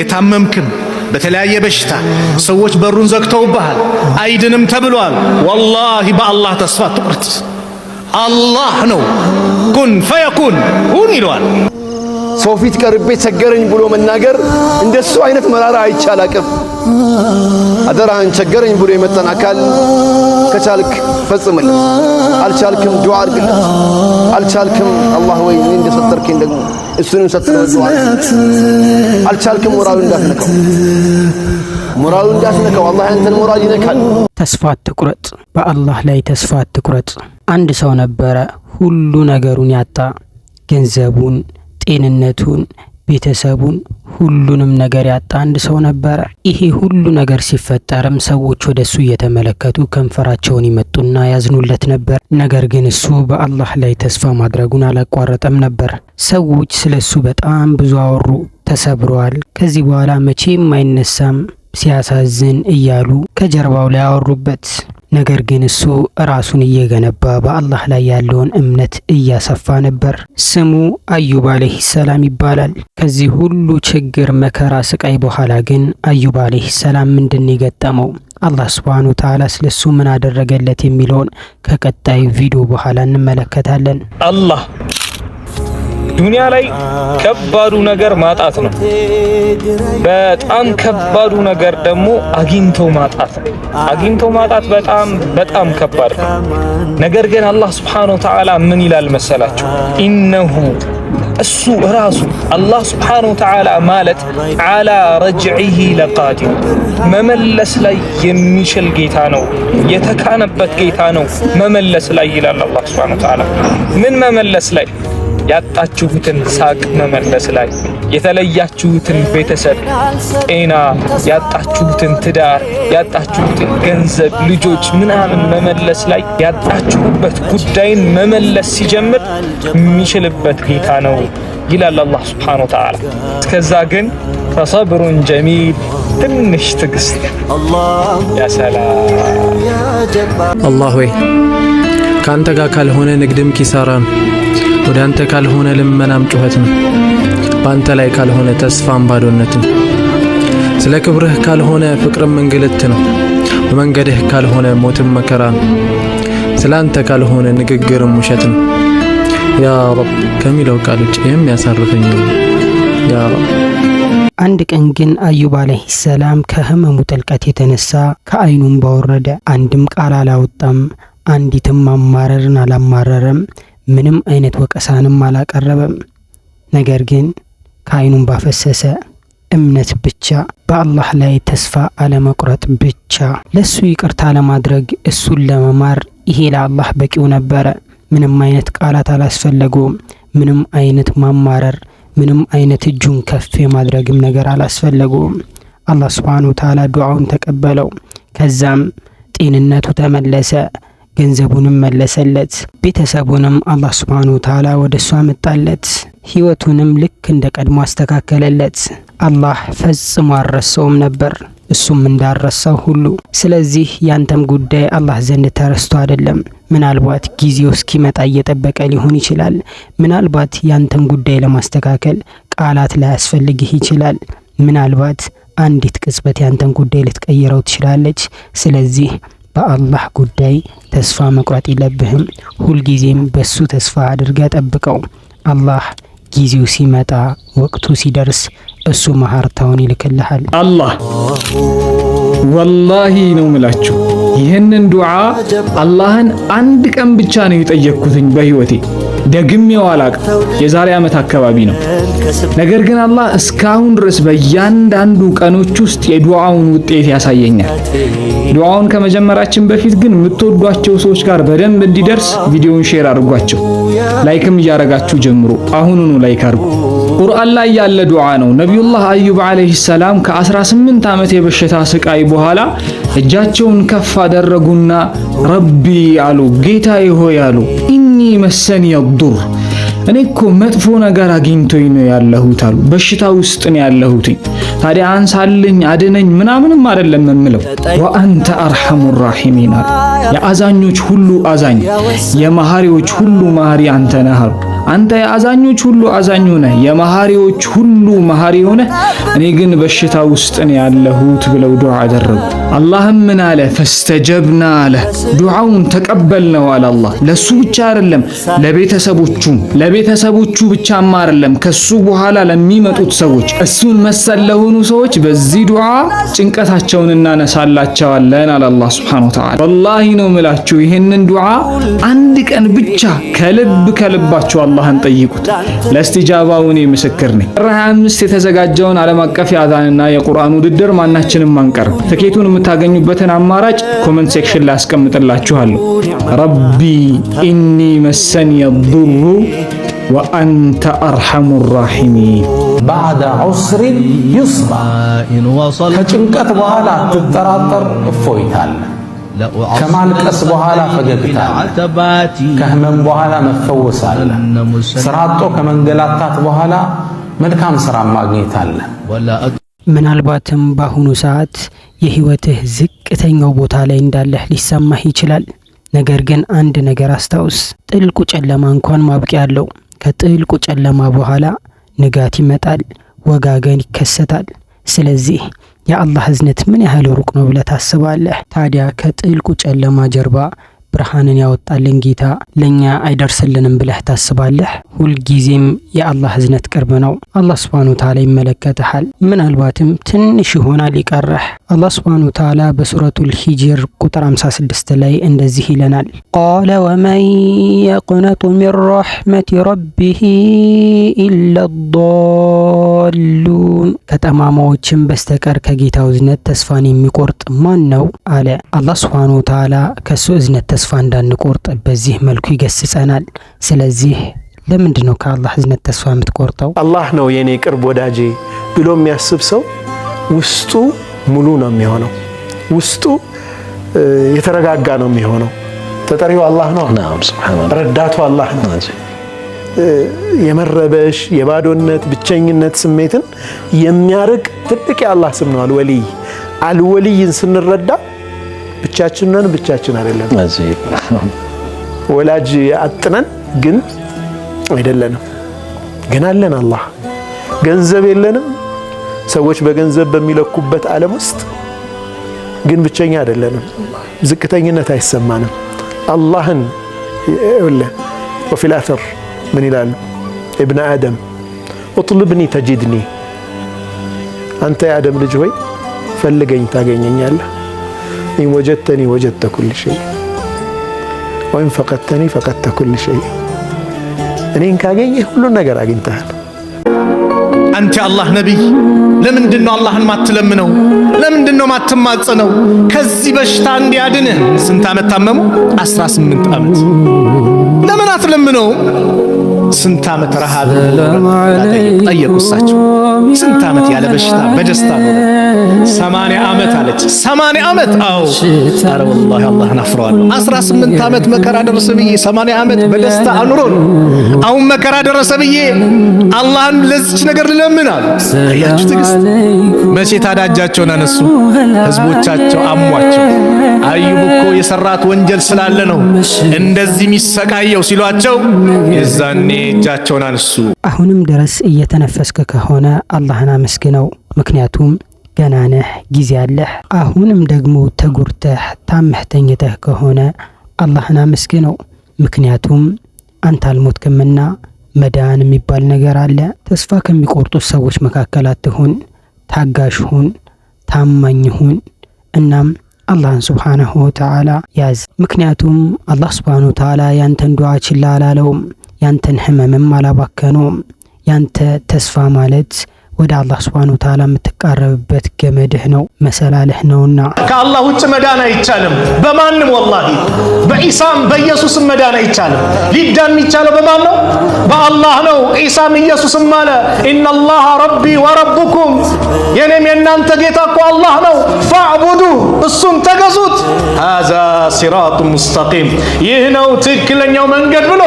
የታመምክም በተለያየ በሽታ ሰዎች በሩን ዘግተውብሃል፣ አይድንም ተብሏል። ወላሂ በአላህ ተስፋ አትቁረጥ። አላህ ነው ኩን ፈየኩን ሁን ይለዋል። ሰው ፊት ቀርቤ ቸገረኝ ብሎ መናገር እንደሱ አይነት መራራ አይቻል አቅም አደራህን ቸገረኝ ብሎ የመጣን አካል ከቻልክ ፈጽምለት፣ አልቻልክም ዱዓ አድርግለት፣ አልቻልክም አላህ ወይ እንደፈጠርከኝ ደግሞ እሱንም ሰጥተዋል። አልቻልክም፣ ሞራሉ እንዳትነካው፣ ሞራሉ እንዳትነካው። አላህ ያንተን ሞራል ይነካል። ተስፋ አትቁረጥ፣ በአላህ ላይ ተስፋ አትቁረጥ። አንድ ሰው ነበረ ሁሉ ነገሩን ያጣ ገንዘቡን፣ ጤንነቱን፣ ቤተሰቡን ሁሉንም ነገር ያጣ አንድ ሰው ነበረ። ይሄ ሁሉ ነገር ሲፈጠርም ሰዎች ወደ እሱ እየተመለከቱ ከንፈራቸውን ይመጡና ያዝኑለት ነበር። ነገር ግን እሱ በአላህ ላይ ተስፋ ማድረጉን አላቋረጠም ነበር። ሰዎች ስለ እሱ በጣም ብዙ አወሩ። ተሰብረዋል፣ ከዚህ በኋላ መቼም አይነሳም፣ ሲያሳዝን እያሉ ከጀርባው ላይ አወሩበት። ነገር ግን እሱ ራሱን እየገነባ በአላህ ላይ ያለውን እምነት እያሰፋ ነበር። ስሙ አዩብ አለህ ሰላም ይባላል። ከዚህ ሁሉ ችግር፣ መከራ፣ ስቃይ በኋላ ግን አዩብ አለህ ሰላም ምንድን የገጠመው አላህ ስብሐነ ወተዓላ ስለሱ ምን አደረገለት የሚለውን ከቀጣይ ቪዲዮ በኋላ እንመለከታለን። አላህ ዱንያ ላይ ከባዱ ነገር ማጣት ነው። በጣም ከባዱ ነገር ደግሞ አግኝቶ ማጣት ነው። አግኝቶ ማጣት በጣም በጣም ከባድ ነው። ነገር ግን አላህ ሱብሓነሁ ወተዓላ ምን ይላል መሰላችሁ? ኢነሁ እሱ ራሱ አላህ ሱብሓነሁ ወተዓላ ማለት አላ ረጅዒሂ ለቃዲር መመለስ ላይ የሚችል ጌታ ነው፣ የተካነበት ጌታ ነው መመለስ ላይ ይላል አላህ ሱብሓነሁ ወተዓላ ምን መመለስ ላይ ያጣችሁትን ሳቅ መመለስ ላይ የተለያችሁትን ቤተሰብ፣ ጤና፣ ያጣችሁትን ትዳር፣ ያጣችሁትን ገንዘብ፣ ልጆች ምናምን መመለስ ላይ ያጣችሁበት ጉዳይን መመለስ ሲጀምር የሚችልበት ጌታ ነው ይላል አላህ ሱብሓነሁ ወተዓላ። እስከዛ ግን ፈሰብሩን ጀሚል ትንሽ ትግስት ያሰላ አላህ ወይ ከአንተ ጋር ካልሆነ ንግድም ኪሳራ ነው። ወደ አንተ ካልሆነ ልመናም ጩኸት ነው። በአንተ ላይ ካልሆነ ተስፋም ባዶነት ነው። ስለ ክብርህ ካልሆነ ፍቅርም እንግልት ነው። በመንገድህ ካልሆነ ሞትም መከራ ነው። ስለ አንተ ካልሆነ ንግግርም ውሸት ነው። ያ ረብ ከሚለው ቃል ውጭ የሚያሳርፈኝ ያ ረብ። አንድ ቀን ግን አዩብ አለይሂ ሰላም ከህመሙ ጥልቀት የተነሳ ከአይኑም ባወረደ አንድም ቃል አላወጣም፣ አንዲትም አማረርን አላማረረም። ምንም አይነት ወቀሳንም አላቀረበም። ነገር ግን ከአይኑን ባፈሰሰ እምነት ብቻ በአላህ ላይ ተስፋ አለመቁረጥ ብቻ ለሱ ይቅርታ ለማድረግ እሱን ለመማር ይሄ ለአላህ በቂው ነበረ። ምንም አይነት ቃላት አላስፈለጉም ምንም አይነት ማማረር፣ ምንም አይነት እጁን ከፍ የማድረግም ነገር አላስፈለገውም። አላህ ስብሓነሁ ወተዓላ ዱዓውን ተቀበለው። ከዛም ጤንነቱ ተመለሰ። ገንዘቡንም መለሰለት። ቤተሰቡንም አላህ ስብሓን ወተዓላ ወደ እሱ አመጣለት። ህይወቱንም ልክ እንደ ቀድሞ አስተካከለለት። አላህ ፈጽሞ አልረሳውም ነበር እሱም እንዳረሳው ሁሉ። ስለዚህ ያንተም ጉዳይ አላህ ዘንድ ተረስቶ አይደለም። ምናልባት ጊዜው እስኪመጣ እየጠበቀ ሊሆን ይችላል። ምናልባት ያንተም ጉዳይ ለማስተካከል ቃላት ላያስፈልግህ ይችላል። ምናልባት አንዲት ቅጽበት ያንተን ጉዳይ ልትቀይረው ትችላለች። ስለዚህ በአላህ ጉዳይ ተስፋ መቁረጥ የለብህም። ሁልጊዜም በሱ ተስፋ አድርገ ጠብቀው። አላህ ጊዜው ሲመጣ ወቅቱ ሲደርስ እሱ መሀርታውን ይልክልሃል። አላህ ወላሂ ነው ምላችሁ ይህንን ዱዓ አላህን አንድ ቀን ብቻ ነው የጠየቅኩትኝ በህይወቴ ደግሜው አላቅም። የዛሬ ዓመት አካባቢ ነው። ነገር ግን አላህ እስካሁን ድረስ በእያንዳንዱ ቀኖች ውስጥ የዱዓውን ውጤት ያሳየኛል። ዱዓውን ከመጀመራችን በፊት ግን የምትወዷቸው ሰዎች ጋር በደንብ እንዲደርስ ቪዲዮውን ሼር አድርጓቸው። ላይክም እያረጋችሁ ጀምሮ አሁኑኑ ላይክ አድርጉ። ቁርአን ላይ ያለ ዱዓ ነው። ነቢዩላህ አዩብ ዓለይሂ ሰላም ከ18 ዓመት የበሽታ ስቃይ በኋላ እጃቸውን ከፍ አደረጉና ረቢ አሉ፣ ጌታዬ ሆይ አሉ። አኒ መሰን የዱር እኔ እኮ መጥፎ ነገር አግኝቶኝ ነው ያለሁት አሉ። በሽታ ውስጥ ነው ያለሁት። ታዲያ አንሳልኝ፣ አድነኝ ምናምንም አይደለም የምለው። ወአንተ አርሐሙ ራሒሚን አሉ። የአዛኞች ሁሉ አዛኝ፣ የመሐሪዎች ሁሉ መሐሪ አንተ ነህ አሉ። አንተ የአዛኞች ሁሉ አዛኝ ሆነ የመሐሪዎች ሁሉ መሐሪ ሆነ እኔ ግን በሽታ ውስጥ ነው ያለሁት ብለው ዱዓ አደረጉ። አላህም ምን አለ? ፈስተጀብና አለ ዱዓውን ተቀበልነው አለ አላህ። ለሱ ብቻ አይደለም ለቤተሰቦቹ ለቤተሰቦቹ ብቻማ አይደለም ከሱ በኋላ ለሚመጡት ሰዎች እሱን መሰል ለሆኑ ሰዎች በዚህ ዱዓ ጭንቀታቸውን እናነሳላቸዋለን አለ አላህ ሱብሓነሁ ወተዓላ። ወላሂ ነው ምላችሁ ይህንን ዱዓ አንድ ቀን ብቻ ከልብ ከልባችሁ አላህን ጠይቁት። ለእስቲጃባው እኔ ምስክር ነኝ። ጥር 25 የተዘጋጀውን ዓለም አቀፍ የአዛንና የቁርአን ውድድር ማናችንም አንቀርም። ትኬቱን የምታገኙበትን አማራጭ ኮመንት ሴክሽን ላይ አስቀምጥላችኋለሁ። ረቢ ኢኒ መሰኒ ዱሩ ወአንተ አርሐሙ ራሒሚን ባዕደ ዑስሪን ዩስራ ከጭንቀት በኋላ ትጠራጠር እፎይታል ከማልቀስ በኋላ ፈገግታ፣ ከህመም በኋላ መፈወስ አለ። ስራ አጦ ከመንገላታት በኋላ መልካም ስራ ማግኘት አለ። ምናልባትም በአሁኑ ሰዓት የህይወትህ ዝቅተኛው ቦታ ላይ እንዳለህ ሊሰማህ ይችላል። ነገር ግን አንድ ነገር አስታውስ፣ ጥልቁ ጨለማ እንኳን ማብቂያ አለው። ከጥልቁ ጨለማ በኋላ ንጋት ይመጣል፣ ወጋገን ይከሰታል። ስለዚህ የአላህ እዝነት ምን ያህል ሩቅ ነው ብለህ ታስባለህ? ታዲያ ከጥልቁ ጨለማ ጀርባ ብርሃንን ያወጣልን ጌታ ለእኛ አይደርስልንም ብለህ ታስባለህ? ሁልጊዜም የአላህ እዝነት ቅርብ ነው። አላህ ስብሃኑ ተዓላ ይመለከትሃል። ምናልባትም ትንሽ ይሆናል ይቀረህ። አላህ ስብሃነ ተዓላ በሱረቱል ሂጅር ቁጥር 56 ላይ እንደዚህ ይለናል፣ ቃለ ወመን የቅነጡ ሚን ረሕመቲ ረቢህ ኢለ ዳሉን ከጠማማዎችን በስተቀር ከጌታው እዝነት ተስፋን የሚቆርጥ ማን ነው? አለ አላህ ስብሃኑ ተዓላ ከእሱ እዝነት ተስፋ ተስፋ እንዳንቆርጥ በዚህ መልኩ ይገስጸናል። ስለዚህ ለምንድን ነው ከአላህ ህዝነት ተስፋ የምትቆርጠው? አላህ ነው የእኔ ቅርብ ወዳጄ ብሎ የሚያስብ ሰው ውስጡ ሙሉ ነው የሚሆነው፣ ውስጡ የተረጋጋ ነው የሚሆነው። ተጠሪው አላህ ነው፣ ረዳቱ አላህ ነው። የመረበሽ የባዶነት ብቸኝነት ስሜትን የሚያርቅ ትልቅ የአላህ ስም ነው አልወልይ። አልወልይን ስንረዳ ብቻችን ነን፣ ብቻችን አይደለም። ወላጅ አጥነን ግን አይደለንም፣ ግን አለን አላህ። ገንዘብ የለንም፣ ሰዎች በገንዘብ በሚለኩበት ዓለም ውስጥ ግን ብቸኛ አይደለንም። ዝቅተኝነት አይሰማንም። አላህን ወፊል አተር ምን ይላሉ እብነ አደም ኡጥልብኒ ተጂድኒ፣ አንተ የአደም ልጅ ሆይ ፈልገኝ ታገኘኛለህ። ኢን ወጀድተኒ ወጀድተ ኩል ሸይ ወይም ፈቀድተኒ ፈቀድተ ኩል ሸይ፣ እኔን ካገኘህ ሁሉን ነገር አግኝተሃል። አንተ አላህ ነቢይ ለምንድን ነው አላህን ማትለምነው? ለምንድን ነው ማትማጽነው? ከዚህ በሽታ እንዲያድንህ ስንት ዓመት ታመሙ? 18 ዓመት። ለምን አትለምነው? ስንት ዓመት ረሃብ ጠየቁ እሳቸው። ስንት ዓመት ያለ በሽታ በደስታ ነው ሰማንያ ዓመት አለች። ሰማንያ ዓመት አው አረ ወላሂ አላህን አፍረዋለሁ። አስራ ስምንት ዓመት መከራ ደረሰ ብዬ ሰማንያ ዓመት በደስታ አኑሮን አሁን መከራ ደረሰ ብዬ አላህን ለዚች ነገር ልለምናል። አያችሁ ትዕግስት። መቼ ታዳጃቸውን አነሱ ህዝቦቻቸው አሟቸው። አዩብ እኮ የሰራት ወንጀል ስላለ ነው እንደዚህ የሚሰቃየው ሲሏቸው የዛኔ እጃቸውን አነሱ። አሁንም ድረስ እየተነፈስክ ከሆነ አላህን አመስግነው ምክንያቱም ገና ነህ፣ ጊዜ አለህ። አሁንም ደግሞ ተጉርተህ ታመህ ተኝተህ ከሆነ አላህን አመስግነው። ምክንያቱም አንተ አልሞትክምና መዳን የሚባል ነገር አለ። ተስፋ ከሚቆርጡት ሰዎች መካከል አትሁን። ታጋሽ ሁን፣ ታማኝ ሁን። እናም አላህን ስብሓንሁ ወተዓላ ያዝ። ምክንያቱም አላህ ስብሓንሁ ወተዓላ ያንተን ዱዓ ችላ አላለውም። ያንተን ህመምም አላባከነውም። ያንተ ተስፋ ማለት ወደ አላህ ስብሃነ ወተዓላ የምትቃረብበት ገመድህ ነው፣ መሰላልህ ነውና ከአላህ ውጭ መዳን አይቻልም። በማንም ወላሂ በኢሳም በኢየሱስም መዳን አይቻልም። ሊዳን የሚቻለው በማን ነው? በአላህ ነው። ኢሳም ኢየሱስም አለ ኢነላህ ረቢ ወረቡኩም፣ የኔም የእናንተ ጌታ እኮ አላህ ነው። ፋዕቡዱ፣ እሱን ተገዙት። ሃዛ ሲራጡ ሙስተቂም ይህ ነው ትክክለኛው መንገድ ብሎ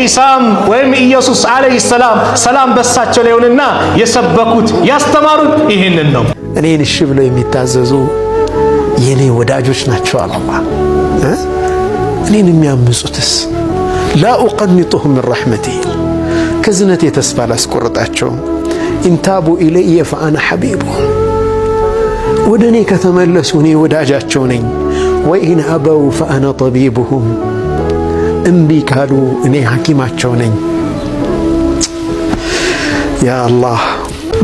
ዒሳም ወይም ኢየሱስ ዓለይሂ ሰላም ሰላም በሳቸው ላይ ይሁንና የሰበኩት ያስተማሩት ይህንን ነው። እኔን እሺ ብለው የሚታዘዙ የኔ ወዳጆች ናቸው አለ አላህ። እኔን የሚያምፁትስ ላ ኡቀኒጡሁ ምን ረሕመቲ ከዝነቴ ተስፋ ላስቆርጣቸው። ኢንታቡ ኢለየ ፈአና ሐቢቡሁም ወደ እኔ ከተመለሱ እኔ ወዳጃቸው ነኝ። ወኢን አበው ፈአነ ጠቢብሁም እምቢ ካሉ እኔ ሐኪማቸው ነኝ። ያ አላህ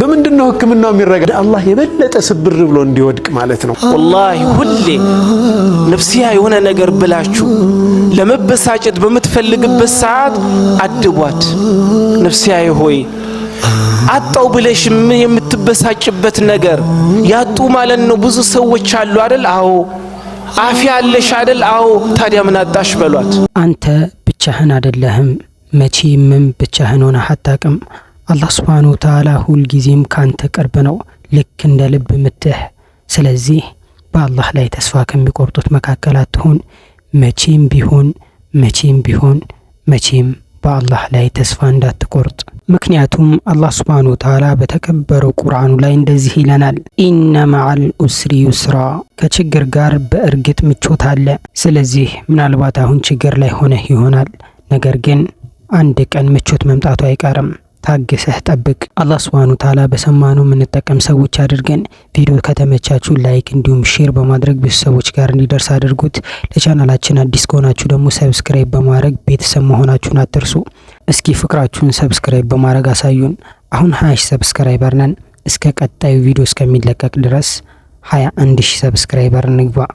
በምንድን ነው ህክምናው የሚረጋ? አላህ የበለጠ ስብር ብሎ እንዲወድቅ ማለት ነው። ወላሂ ሁሌ ነፍስያ የሆነ ነገር ብላችሁ ለመበሳጨት በምትፈልግበት ሰዓት አድቧት። ነፍስያዬ ሆይ አጣው ብለሽ የምትበሳጭበት ነገር ያጡ ማለት ነው። ብዙ ሰዎች አሉ አይደል? አዎ አፍ ያለሽ አይደል? አዎ። ታዲያ ምን አጣሽ በሏት። አንተ ብቻህን አደለህም፣ መቼምም ብቻህን ሆነህ አታቅም። አላህ ስብሓነ ወተዓላ ሁልጊዜም ካንተ ቅርብ ነው፣ ልክ እንደ ልብ ምትህ። ስለዚህ በአላህ ላይ ተስፋ ከሚቆርጡት መካከል አትሆን። መቼም ቢሆን መቼም ቢሆን መቼም በአላህ ላይ ተስፋ እንዳትቆርጥ። ምክንያቱም አላህ ስብሓን ወተዓላ በተከበረው ቁርአኑ ላይ እንደዚህ ይለናል፣ ኢነ መዓል ኡስሪ ዩስራ፣ ከችግር ጋር በእርግጥ ምቾት አለ። ስለዚህ ምናልባት አሁን ችግር ላይ ሆነህ ይሆናል፣ ነገር ግን አንድ ቀን ምቾት መምጣቱ አይቀርም። ታግሰህ ጠብቅ። አላህ ስብሃኑ ተዓላ በሰማኑ የምንጠቀም ሰዎች አድርገን። ቪዲዮ ከተመቻችሁ ላይክ እንዲሁም ሼር በማድረግ ብዙ ሰዎች ጋር እንዲደርስ አድርጉት። ለቻናላችን አዲስ ከሆናችሁ ደግሞ ሰብስክራይብ በማድረግ ቤተሰብ መሆናችሁን አትርሱ። እስኪ ፍቅራችሁን ሰብስክራይብ በማድረግ አሳዩን። አሁን ሀያ ሺ ሰብስክራይበር ነን። እስከ ቀጣዩ ቪዲዮ እስከሚለቀቅ ድረስ ሀያ አንድ ሺ ሰብስክራይበር እንግባ።